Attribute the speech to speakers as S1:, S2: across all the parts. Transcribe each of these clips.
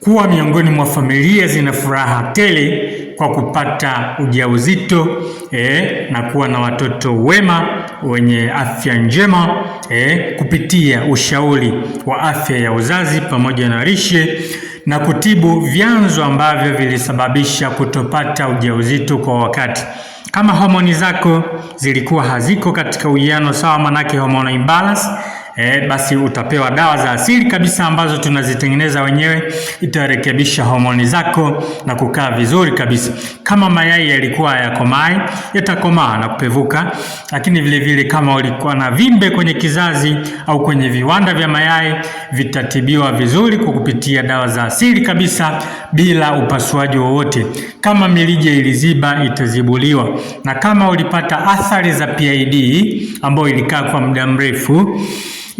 S1: kuwa miongoni mwa familia zina furaha tele kwa kupata ujauzito eh, na kuwa na watoto wema wenye afya njema eh, kupitia ushauri wa afya ya uzazi pamoja na lishe na kutibu vyanzo ambavyo vilisababisha kutopata ujauzito kwa wakati. Kama homoni zako zilikuwa haziko katika uwiano sawa, manake hormone imbalance e, basi utapewa dawa za asili kabisa ambazo tunazitengeneza wenyewe, itarekebisha homoni zako na kukaa vizuri kabisa. Kama mayai yalikuwa yakomai, yatakomaa na kupevuka. Lakini vile vile kama ulikuwa na vimbe kwenye kizazi au kwenye viwanda vya mayai, vitatibiwa vizuri kwa kupitia dawa za asili kabisa bila upasuaji wowote. Kama mirija iliziba, itazibuliwa. Na kama ulipata athari za PID ambayo ilikaa kwa muda mrefu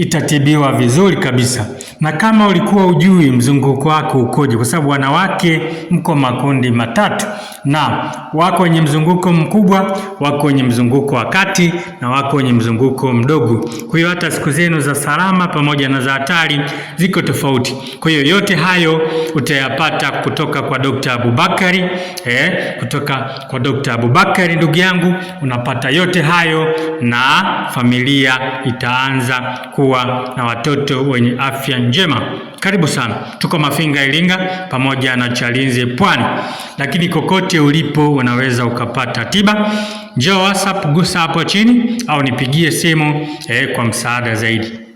S1: itatibiwa vizuri kabisa na kama ulikuwa ujui mzunguko wako ukoje, kwa sababu wanawake mko makundi matatu, na wako wenye mzunguko mkubwa, wako wenye mzunguko wa kati, na wako wenye mzunguko mdogo. Kwa hiyo hata siku zenu za salama pamoja na za hatari ziko tofauti. Kwa hiyo yote hayo utayapata kutoka kwa Dr. Abubakari, eh, kutoka kwa Dr. Abubakari ndugu yangu, unapata yote hayo na familia itaanza kuwa na watoto wenye afya njema. Karibu sana, tuko Mafinga Iringa pamoja na Chalinze Pwani, lakini kokote ulipo unaweza ukapata tiba. Njoo WhatsApp, gusa hapo chini au nipigie simu eh, kwa msaada zaidi.